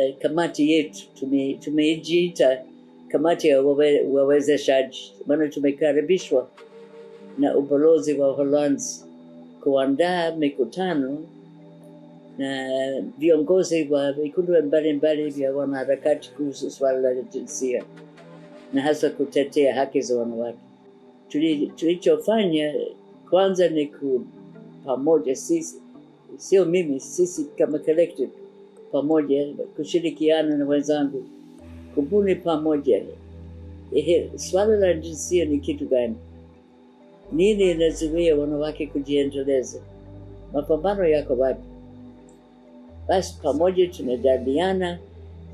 Eh, kamati yetu tume, kamati ya wawezeshaji, maana tumekaribishwa na ubalozi wa Uholanzi kuandaa mikutano na viongozi wa vikundi mbalimbali vya wanaharakati kuhusu swala la jinsia na hasa kutetea haki za wanawake. Tulichofanya kwanza ni ku pamoja sisi, sio mimi, sisi kama collective pamoja kushirikiana na wenzangu kubuni pamoja. Ehe, swala la jinsia ni kitu gani? Nini inazuia wanawake kujiendeleza? Mapambano yako wapi? Basi pamoja tunajadiliana,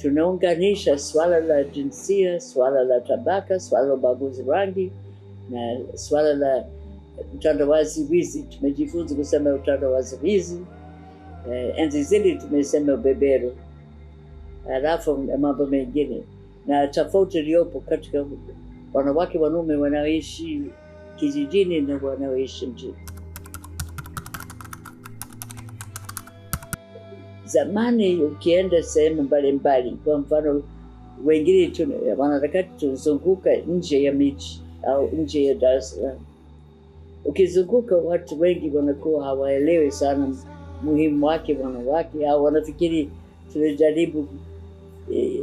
tunaunganisha swala la jinsia, swala la tabaka, swala la ubaguzi rangi na swala la utandawazi wizi. Tumejifunza kusema utandawazi wizi eh, enzi zile tumesema ubeberu, halafu eh, mambo mengine na tofauti iliyopo katika wanawake wanaume wanaoishi kijijini na wanaoishi mjini. Zamani ukienda sehemu mbalimbali, kwa mfano, wengine wanaharakati tunazunguka nje ya miji au nje ya Dar es Salaam, ukizunguka watu wengi wanakuwa hawaelewi sana muhimu wake wanawake au wanafikiri tunajaribu e,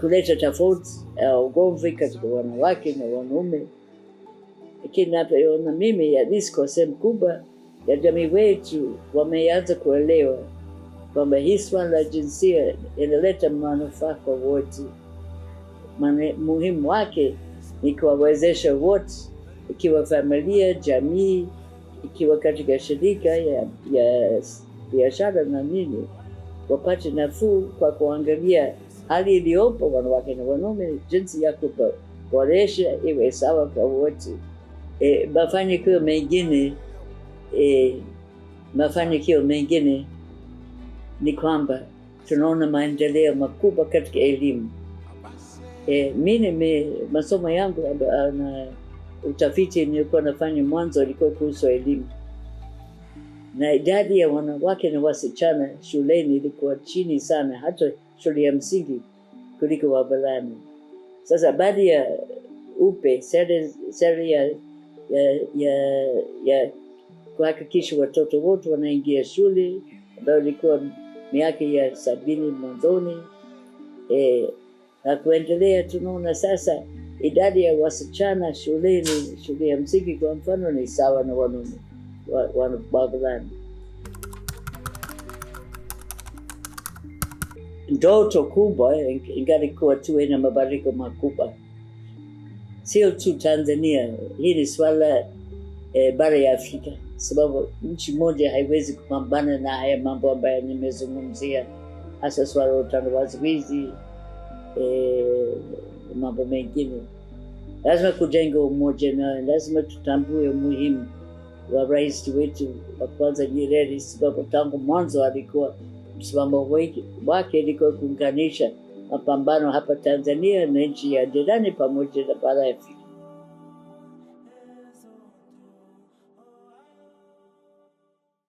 kuleta tofauti au e, ugomvi katika wanawake na wanaume, lakini napoona mimi at least kwa sehemu kubwa ya jamii wetu wameanza kuelewa kwamba hii swala la jinsia inaleta manufaa kwa wote. Muhimu wake ni kuwawezesha wote, ikiwa familia, jamii, ikiwa katika shirika ya, ya biashara na nini wapate nafuu kwa kuangalia hali iliyopo wanawake na wanaume, jinsi ya kuboresha iwe sawa kwa wote. E, mafanikio mengine e, mafanikio mengine ni kwamba tunaona maendeleo makubwa katika elimu. E, nime masomo yangu na utafiti nilikuwa nafanya mwanzo ilikuwa kuhusu elimu na idadi ya wanawake na wasichana shuleni ilikuwa chini sana, hata shule ya msingi kuliko wavulana. Sasa baadhi ya UPE sera ya, ya, ya, ya kuhakikisha watoto wote wanaingia shule ambayo ilikuwa miaka ya sabini mwanzoni e, na kuendelea. Tunaona sasa idadi ya wasichana shuleni, shule ya msingi kwa mfano, ni sawa na wanaume wanabagudhana. Ndoto kubwa eh, ingalikuwa tuwe na mabadiliko makubwa, sio tu Tanzania. Hii ni swala eh, bara ya Afrika, sababu nchi moja haiwezi kupambana na haya mambo ambayo nimezungumzia, hasa swala la utandawazi, wizi, eh, mambo mengine. Lazima kujenga umoja, na lazima tutambue umuhimu wa rais wetu wa kwanza Nyerere, sababu tangu mwanzo alikuwa msimamo wake ilikuwa kuunganisha mapambano hapa Tanzania na nchi ya jirani pamoja na bara Afrika.